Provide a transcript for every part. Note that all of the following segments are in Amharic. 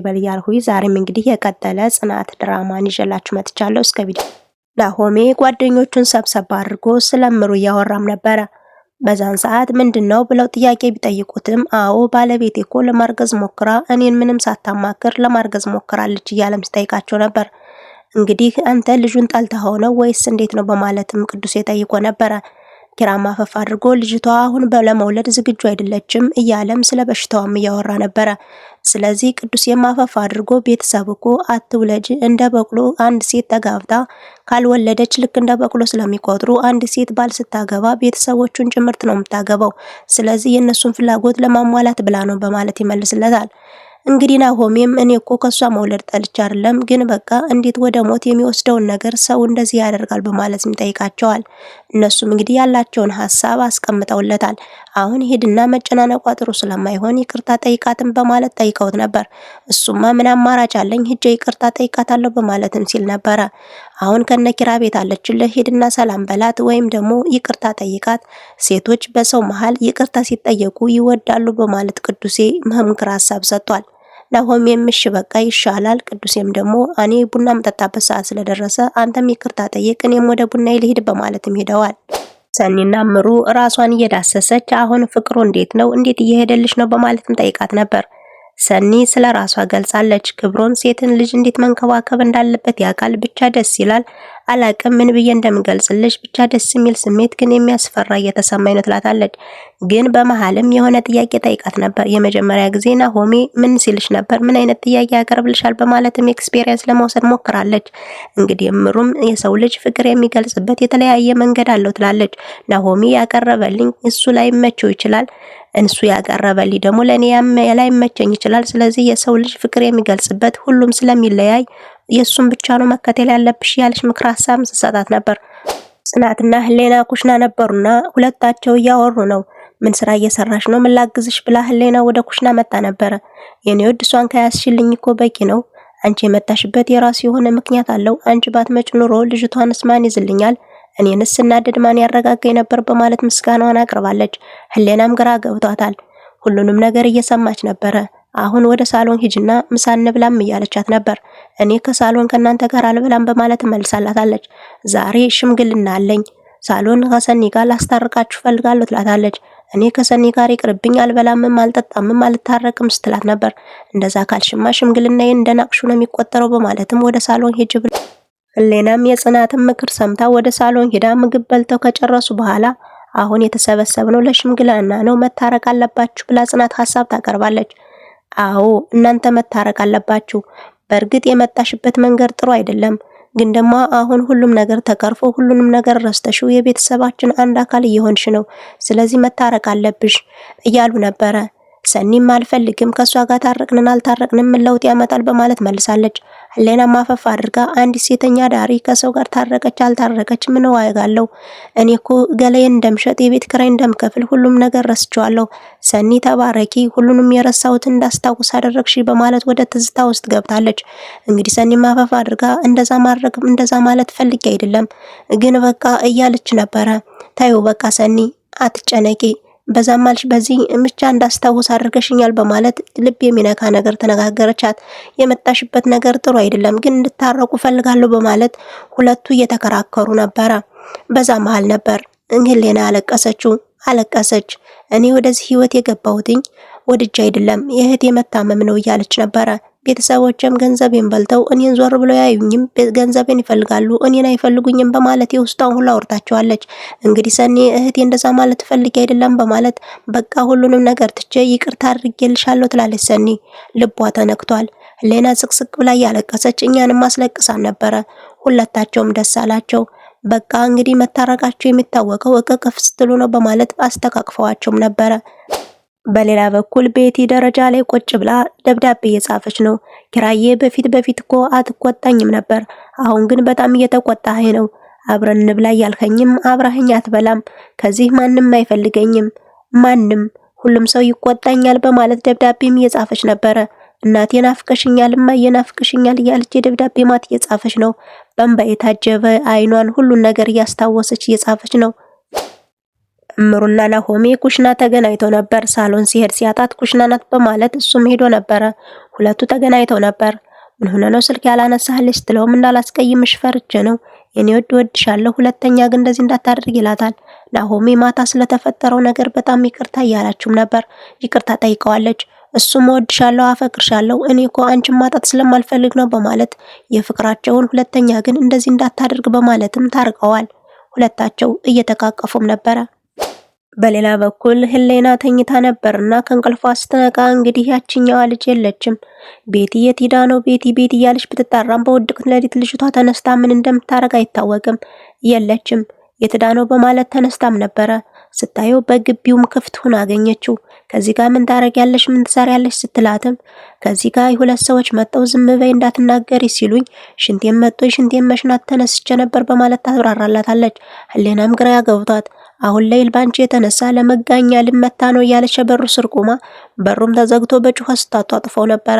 ይበል እያልሁኝ ዛሬም እንግዲህ የቀጠለ ጽናት ድራማን ይዤላችሁ መጥቻለሁ። እስከ ቪዲዮ ናሆሜ ጓደኞቹን ሰብሰብ አድርጎ ስለምሩ እያወራም ነበረ። በዛን ሰዓት ምንድን ነው ብለው ጥያቄ ቢጠይቁትም አዎ ባለቤቴ እኮ ለማርገዝ ሞክራ እኔን ምንም ሳታማክር ለማርገዝ ሞክራለች እያለም ሲጠይቃቸው ነበር። እንግዲህ አንተ ልጁን ጠልተኸው ነው ወይስ እንዴት ነው በማለትም ቅዱሴ ጠይቆ ነበረ። ኪራም አፈፍ አድርጎ ልጅቷ አሁን ለመውለድ ዝግጁ አይደለችም እያለም ስለ በሽታዋም እያወራ ነበረ። ስለዚህ ቅዱስ የማፈፍ አድርጎ ቤተሰብ እኮ አትውለጅ እንደ በቅሎ አንድ ሴት ተጋብታ ካልወለደች ልክ እንደ በቅሎ ስለሚቆጥሩ አንድ ሴት ባል ስታገባ ቤተሰቦቹን ጭምርት ነው የምታገባው። ስለዚህ የእነሱን ፍላጎት ለማሟላት ብላ ነው በማለት ይመልስለታል። እንግዲህ ናሆሜም እኔ እኮ ከእሷ መውለድ ጠልቻ አይደለም፣ ግን በቃ እንዴት ወደ ሞት የሚወስደውን ነገር ሰው እንደዚህ ያደርጋል በማለትም ይጠይቃቸዋል። እነሱም እንግዲህ ያላቸውን ሀሳብ አስቀምጠውለታል። አሁን ሂድና መጨናነቋ ጥሩ ስለማይሆን ይቅርታ ጠይቃትም በማለት ጠይቀውት ነበር። እሱማ ምን አማራጭ አለኝ ሂጄ ይቅርታ ጠይቃታለሁ በማለትም ሲል ነበረ። አሁን ከነኪራ ቤት አለችልህ ሄድና ሰላም በላት ወይም ደግሞ ይቅርታ ጠይቃት። ሴቶች በሰው መሀል ይቅርታ ሲጠየቁ ይወዳሉ በማለት ቅዱሴ መምክር ሀሳብ ሰጥቷል። ናሆሜም እሺ በቃ ይሻላል። ቅዱሴም ደግሞ እኔ ቡና መጠጣበት ሰዓት ስለደረሰ አንተም ይቅርታ ጠይቅ፣ እኔም ወደ ቡና ልሂድ በማለትም ሄደዋል። ሰኒና ምሩ ራሷን እየዳሰሰች አሁን ፍቅሩ እንዴት ነው? እንዴት እየሄደልሽ ነው? በማለትም ጠይቃት ነበር። ሰኒ ስለ ራሷ ገልጻለች። ክብሮን ሴትን ልጅ እንዴት መንከባከብ እንዳለበት ያውቃል፣ ብቻ ደስ ይላል። አላቅም ምን ብዬ እንደምገልጽልሽ ብቻ ደስ የሚል ስሜት ግን የሚያስፈራ እየተሰማኝ ነው ትላታለች። ግን በመሀልም የሆነ ጥያቄ ጠይቃት ነበር። የመጀመሪያ ጊዜ ናሆሜ ምን ሲልሽ ነበር? ምን አይነት ጥያቄ ያቀርብልሻል? በማለትም ኤክስፔሪየንስ ለመውሰድ ሞክራለች። እንግዲህ ምሩም የሰው ልጅ ፍቅር የሚገልጽበት የተለያየ መንገድ አለው ትላለች። ናሆሜ ያቀረበልኝ እሱ ላይ መቸው ይችላል እንሱ ያቀረበልኝ ደግሞ ለእኔ ላይ መቸኝ ይችላል። ስለዚህ የሰው ልጅ ፍቅር የሚገልጽበት ሁሉም ስለሚለያይ የእሱን ብቻ ነው መከተል ያለብሽ ያለች ምክር ሀሳብ ስትሰጣት ነበር። ጽናትና ህሌና ኩሽና ነበሩና ሁለታቸው እያወሩ ነው። ምን ስራ እየሰራሽ ነው? ምን ላግዝሽ? ብላ ህሌና ወደ ኩሽና መጣ ነበረ። የኔ ወድ እሷን ከያዝሽልኝ እኮ በቂ ነው። አንቺ የመጣሽበት የራሱ የሆነ ምክንያት አለው። አንቺ ባትመጭ ኑሮ ልጅቷንስ ማን ይዝልኛል? እኔንስ ስናደድ ማን ያረጋጋኝ ነበር? በማለት ምስጋናዋን አቅርባለች። ህሌናም ግራ ገብቷታል። ሁሉንም ነገር እየሰማች ነበረ። አሁን ወደ ሳሎን ሂጅና ምሳ እንብላም እያለቻት ነበር። እኔ ከሳሎን ከእናንተ ጋር አልበላም በማለት መልሳላታለች። ዛሬ ሽምግልና አለኝ፣ ሳሎን ከሰኒ ጋር ላስታርቃችሁ ፈልጋለሁ ትላታለች። እኔ ከሰኒ ጋር ይቅርብኝ፣ አልበላምም፣ አልጠጣምም፣ አልታረቅም ስትላት ነበር። እንደዛ ካልሽማ ሽምግልናዬን እንደናቅሹ ነው የሚቆጠረው በማለትም ወደ ሳሎን ሂጅ ብላ ህሌናም የጽናትን ምክር ሰምታ ወደ ሳሎን ሄዳ ምግብ በልተው ከጨረሱ በኋላ አሁን የተሰበሰብነው ለሽምግልና ነው መታረቅ አለባችሁ ብላ ጽናት ሀሳብ ታቀርባለች። አዎ እናንተ መታረቅ አለባችሁ። በእርግጥ የመጣሽበት መንገድ ጥሩ አይደለም፣ ግን ደግሞ አሁን ሁሉም ነገር ተቀርፎ ሁሉንም ነገር ረስተሽው የቤተሰባችን አንድ አካል እየሆንሽ ነው። ስለዚህ መታረቅ አለብሽ እያሉ ነበረ። ሰኒም አልፈልግም ከእሷ ጋር ታረቅንን አልታረቅንም ለውጥ ያመጣል በማለት መልሳለች። ህሌናም ማፈፍ አድርጋ አንዲት ሴተኛ ዳሪ ከሰው ጋር ታረቀች አልታረቀች ምን ዋጋ አለው? እኔ እኮ ገላዬን እንደምሸጥ የቤት ክራይ እንደምከፍል ሁሉም ነገር ረስቸዋለሁ። ሰኒ ተባረኪ፣ ሁሉንም የረሳሁት እንዳስታውስ አደረግሽ በማለት ወደ ትዝታ ውስጥ ገብታለች። እንግዲህ ሰኒ ማፈፍ አድርጋ እንደዛ ማድረግ እንደዛ ማለት ፈልጌ አይደለም ግን በቃ እያለች ነበረ። ታዩ በቃ ሰኒ አትጨነቂ በዛም አልሽ በዚህ ምቻ እንዳስታውስ አድርገሽኛል በማለት ልብ የሚነካ ነገር ተነጋገረቻት። የመጣሽበት ነገር ጥሩ አይደለም፣ ግን እንድታረቁ ፈልጋለሁ በማለት ሁለቱ እየተከራከሩ ነበረ። በዛ መሀል ነበር ሄሌና አለቀሰችው አለቀሰች። እኔ ወደዚህ ህይወት የገባሁትኝ ወድጄ አይደለም የእህት የመታመም ነው እያለች ነበረ። ቤተሰቦችም ገንዘቤን በልተው እኔን ዞር ብለው ያዩኝም ገንዘቤን ይፈልጋሉ፣ እኔን አይፈልጉኝም በማለት የውስጧን ሁሉ አውርታቸዋለች። እንግዲህ ሰኔ እህቴ እንደዛ ማለት ፈልጌ አይደለም በማለት በቃ ሁሉንም ነገር ትቼ ይቅርታ አድርጌልሻለሁ ትላለች ሰኒ። ልቧ ተነክቷል። ሌና ስቅስቅ ብላ ያለቀሰች እኛንም አስለቅሳን ነበረ። ሁለታቸውም ደስ አላቸው። በቃ እንግዲህ መታረቃቸው የሚታወቀው እቅቅፍ ስትሉ ነው በማለት አስተቃቅፈዋቸውም ነበረ። በሌላ በኩል ቤቲ ደረጃ ላይ ቁጭ ብላ ደብዳቤ እየጻፈች ነው። ኪራዬ በፊት በፊት እኮ አትቆጣኝም ነበር፣ አሁን ግን በጣም እየተቆጣህ ነው። አብረን እንብላ ያልከኝም አብረኸኝ አትበላም። ከዚህ ማንም አይፈልገኝም፣ ማንም ሁሉም ሰው ይቆጣኛል በማለት ደብዳቤም እየጻፈች ነበረ። እናቴ ናፍቀሽኛል፣ እማዬ ናፍቀሽኛል እያለች የደብዳቤ ማት እየጻፈች ነው። በእንባ የታጀበ አይኗን ሁሉን ነገር እያስታወሰች እየጻፈች ነው። እምሩና ናሆሜ ኩሽና ተገናኝተው ነበር። ሳሎን ሲሄድ ሲያጣት ኩሽና ናት በማለት እሱም ሄዶ ነበረ። ሁለቱ ተገናኝተው ነበር። ምን ሆነ ነው ስልክ ያላነሳህልሽ? ትለውም እንዳላስቀይምሽ ፈርቼ ነው የኔ ወድ ወድሻለሁ፣ ሁለተኛ ግን እንደዚህ እንዳታደርግ ይላታል። ናሆሜ ማታ ስለተፈጠረው ነገር በጣም ይቅርታ እያላችሁም ነበር፣ ይቅርታ ጠይቀዋለች። እሱም እወድሻለሁ፣ አፈቅርሻለሁ እኔ እኮ አንቺን ማጣት ስለማልፈልግ ነው በማለት የፍቅራቸውን ሁለተኛ ግን እንደዚህ እንዳታደርግ በማለትም ታርቀዋል። ሁለታቸው እየተቃቀፉም ነበረ። በሌላ በኩል ህሌና ተኝታ ነበርና ከእንቅልፏ ስትነቃ እንግዲህ ያችኛዋ ልጅ የለችም። ቤቲ የት ነው ቤቲ ቤቲ እያለች ብትጣራም በውድቅት ለዲት ልጅቷ ተነስታ ምን እንደምታደርግ አይታወቅም። የለችም የት ነው በማለት ተነስታም ነበረ። ስታየው በግቢውም ክፍት ሁና አገኘችው። ከዚህ ጋር ምን ታደርጊያለሽ? ምን ትሰሪያለሽ? ስትላትም ከዚህ ጋር ሁለት ሰዎች መጥተው ዝም በይ እንዳትናገሪ ሲሉኝ ሽንቴም መጥቶ ሽንቴም መሽናት ተነስቼ ነበር በማለት ታብራራላታለች። ህሌናም ግራ ያገብቷት አሁን ላይ ልባንቺ የተነሳ ለመጋኛ ልመታ ነው እያለች በሩ ስር ቆማ በሩም ተዘግቶ በጩኸት ስታጧጥፈው ነበረ።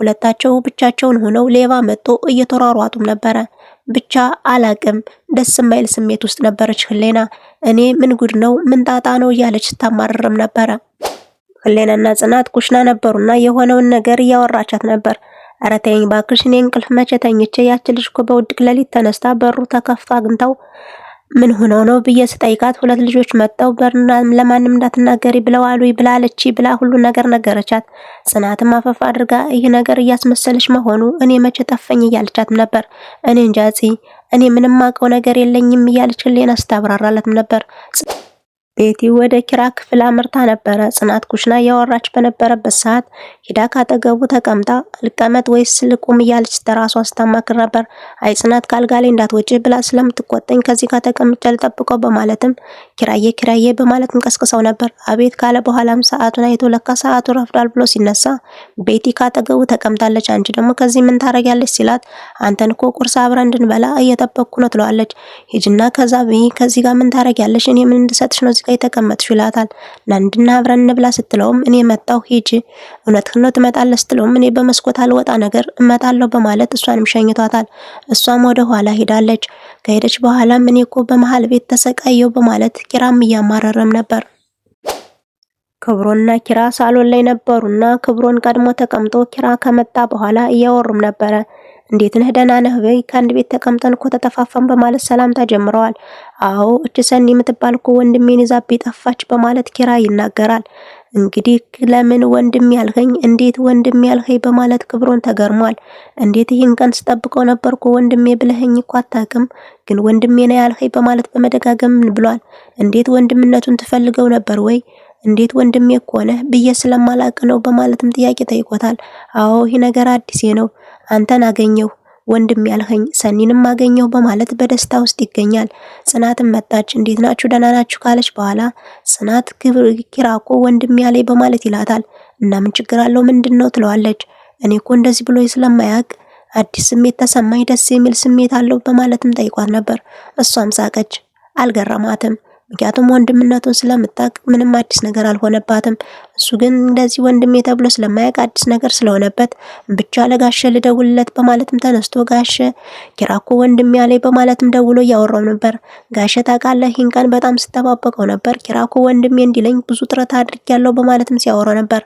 ሁለታቸው ብቻቸውን ሆነው ሌባ መጥቶ እየተሯሯጡም ነበረ። ብቻ አላቅም ደስ የማይል ስሜት ውስጥ ነበረች ህሌና። እኔ ምን ጉድ ነው ምን ጣጣ ነው እያለች ስታማርርም ነበረ። ህሌናና ጽናት ኩሽና ነበሩና የሆነውን ነገር እያወራቻት ነበር። ኧረ ተይኝ እባክሽ፣ እኔ እንቅልፍ መቼ ተኝቼ ያች ልጅ እኮ በውድቅ ለሊት ተነስታ በሩ ተከፍቶ አግኝታው ምን ሆነው ነው ብዬ ስጠይቃት ሁለት ልጆች መጥተው በርና ለማንም እንዳትናገሪ ብለው ብላለች ብላ ሁሉ ነገር ነገረቻት። ጽናትም አፈፍ አድርጋ ይህ ነገር እያስመሰለች መሆኑ እኔ መቼ ጠፈኝ እያለቻትም ነበር። እኔ እንጃ እኔ ምንም አውቀው ነገር የለኝም እያለች ህሌን አስታብራራለትም ነበር። ቤቲ ወደ ኪራ ክፍል አምርታ ነበረ። ጽናት ኩሽና እያወራች በነበረበት ሰዓት ሂዳ ካጠገቡ ተቀምጣ ልቀመጥ ወይስ ልቁም እያለች ተራሷ ስታማክር ነበር። አይ ጽናት ካልጋ ላይ እንዳትወጪ ብላ ስለምትቆጠኝ ከዚህ ጋር ተቀምጬ ልጠብቀው በማለትም ኪራዬ ኪራዬ በማለት እንቀስቅሰው ነበር። አቤት ካለ በኋላም ሰዓቱን አይቶ ለካ ሰዓቱ ረፍዷል ብሎ ሲነሳ ቤቲ ካጠገቡ ተቀምጣለች። አንቺ ደግሞ ከዚህ ምን ታረጊያለች ሲላት አንተን እኮ ቁርስ አብረን እንድንበላ እየጠበቅኩ ነው ትለዋለች። ሂጅና ከዛ ከዚህ ጋር ምን ታረጊያለሽ እኔ ምን እንድሰጥሽ ነው የተቀመጥሽ ይላታል። ናንድና አብረን እንብላ ስትለውም እኔ መጣሁ ሂጂ፣ እውነትህን ነው ትመጣለህ ስትለውም እኔ በመስኮት አልወጣ ነገር እመጣለሁ በማለት እሷንም ሸኝቷታል። እሷም ወደ ኋላ ሄዳለች። ከሄደች በኋላም እኔ እኮ በመሀል ቤት ተሰቃየው በማለት ኪራም እያማረረም ነበር። ክብሮና ኪራ ሳሎን ላይ ነበሩና ክብሮን ቀድሞ ተቀምጦ ኪራ ከመጣ በኋላ እያወሩም ነበረ። እንዴት ነህ? ደህና ነህ ወይ ከአንድ ቤት ተቀምጠን እኮ ተጠፋፋን በማለት ሰላምታ ጀምረዋል። አዎ እች ሰኒ የምትባል እኮ ወንድሜን ይዛብኝ ጠፋች በማለት ኪራ ይናገራል። እንግዲህ ለምን ወንድም ያልኸኝ? እንዴት ወንድም ያልኸኝ? በማለት ክብሮን ተገርሟል። እንዴት ይህን ቀን ስጠብቀው ነበርኩ ወንድሜ ብለኸኝ እኮ አታውቅም፣ ግን ወንድሜ ነው ያልኸኝ በማለት በመደጋገም ብሏል። እንዴት ወንድምነቱን ትፈልገው ነበር ወይ? እንዴት ወንድሜ እኮ ነህ ብዬ ስለማላቅ ነው በማለትም ጥያቄ ጠይቆታል። አዎ ይህ ነገር አዲሴ ነው፣ አንተን አገኘሁ ወንድም ያልኸኝ ሰኒንም አገኘሁ በማለት በደስታ ውስጥ ይገኛል። ጽናትም መጣች። እንዴት ናችሁ ደህና ናችሁ ካለች በኋላ ጽናት ኪራኮ ወንድም ያለኝ በማለት ይላታል። እና ምን ችግር አለው ምንድን ነው ትለዋለች። እኔ እኮ እንደዚህ ብሎ ስለማያውቅ አዲስ ስሜት ተሰማኝ፣ ደስ የሚል ስሜት አለው በማለትም ጠይቋት ነበር። እሷም ሳቀች፣ አልገረማትም። ምክንያቱም ወንድምነቱን ስለምታቅ ምንም አዲስ ነገር አልሆነባትም። እሱ ግን እንደዚህ ወንድሜ ተብሎ ስለማያውቅ አዲስ ነገር ስለሆነበት ብቻ ለጋሸ ልደውልለት በማለትም ተነስቶ ጋሸ ኪራኮ ወንድሜ አለኝ በማለትም ደውሎ እያወራው ነበር። ጋሸ ታውቃለህ፣ ይህን ቀን በጣም ስጠባበቀው ነበር። ኪራኮ ወንድሜ እንዲለኝ ብዙ ጥረት አድርጌያለሁ በማለትም ሲያወራው ነበር።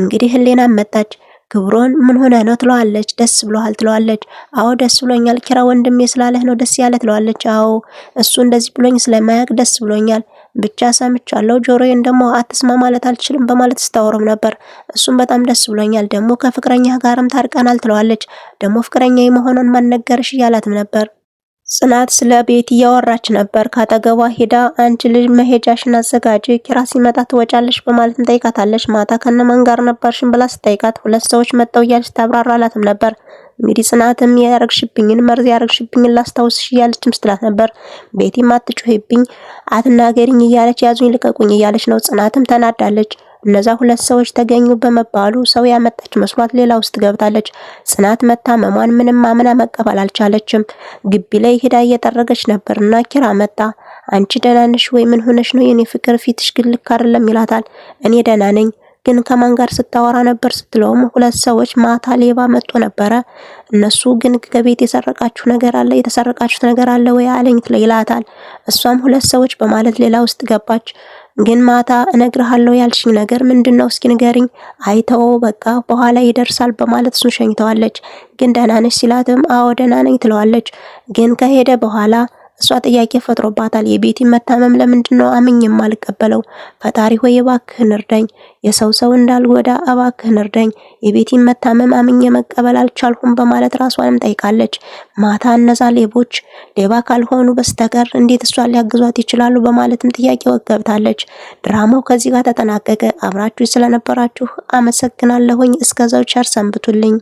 እንግዲህ ህሌናም መጣች። ክብሮን ምን ሆነ ነው ትለዋለች። ደስ ብሎሃል ትለዋለች። አዎ ደስ ብሎኛል ኪራ ወንድሜ ስላለህ ነው ደስ ያለ ትለዋለች። አዎ እሱ እንደዚህ ብሎኝ ስለማያውቅ ደስ ብሎኛል። ብቻ ሰምቻለሁ፣ ጆሮዬን ደግሞ አትስማ ማለት አልችልም በማለት ስታወረም ነበር። እሱም በጣም ደስ ብሎኛል፣ ደግሞ ከፍቅረኛ ጋርም ታርቀናል ትለዋለች። ደግሞ ፍቅረኛ የመሆኗን ማን ነገርሽ እያላትም ነበር። ጽናት ስለ ቤት እያወራች ነበር። ካጠገቧ ሄዳ አንቺ ልጅ መሄጃሽን አዘጋጅ፣ ኪራ ሲመጣ ትወጫለሽ በማለት እንጠይቃታለች። ማታ ከነማን ጋር ነበርሽን ብላ ስጠይቃት ሁለት ሰዎች መጠው እያለች ታብራራላትም ነበር። እንግዲህ ጽናትም ያረግሽብኝን መርዝ ያረግሽብኝን ላስታውስሽ እያለችም ስትላት ነበር። ቤቲም አትጩሂብኝ፣ አትናገሪኝ እያለች ያዙኝ ልቀቁኝ እያለች ነው። ጽናትም ተናዳለች። እነዛ ሁለት ሰዎች ተገኙ በመባሉ ሰው ያመጣች መስሏት ሌላ ውስጥ ገብታለች። ጽናት መታመሟን ምንም አምና መቀበል አልቻለችም። ግቢ ላይ ሄዳ እየጠረገች ነበርና ኪራ መጣ። አንቺ ደህና ነሽ ወይ? ምን ሆነሽ ነው? የኔ ፍቅር ፊትሽ ግልክ አይደለም ይላታል። እኔ ደህና ነኝ ግን ከማን ጋር ስታወራ ነበር ስትለውም ሁለት ሰዎች ማታ ሌባ መጥቶ ነበረ። እነሱ ግን ከቤት የሰረቃችሁ ነገር አለ የተሰረቃችሁት ነገር አለ ወይ አለኝ ይላታል። እሷም ሁለት ሰዎች በማለት ሌላ ውስጥ ገባች። ግን ማታ እነግርሃለሁ ያልሽኝ ነገር ምንድን ነው? እስኪ ንገሪኝ። አይተው በቃ በኋላ ይደርሳል በማለት እሱን ሸኝተዋለች። ግን ደህና ነሽ ሲላትም አዎ ደህና ነኝ ትለዋለች። ግን ከሄደ በኋላ እሷ ጥያቄ ፈጥሮባታል። የቤቲ መታመም ለምንድን ነው አምኜ የማልቀበለው? ፈጣሪ ሆይ እባክህን እርዳኝ፣ የሰው ሰው እንዳልጎዳ እባክህን እርዳኝ። የቤቲ መታመም አምኜ መቀበል አልቻልሁም በማለት ራሷንም ጠይቃለች። ማታ እነዛ ሌቦች ሌባ ካልሆኑ በስተቀር እንዴት እሷን ሊያግዟት ይችላሉ? በማለትም ጥያቄ ወገብታለች። ድራማው ከዚህ ጋር ተጠናቀቀ። አብራችሁ ስለነበራችሁ አመሰግናለሁኝ። እስከዛው ቸር ሰንብቱልኝ።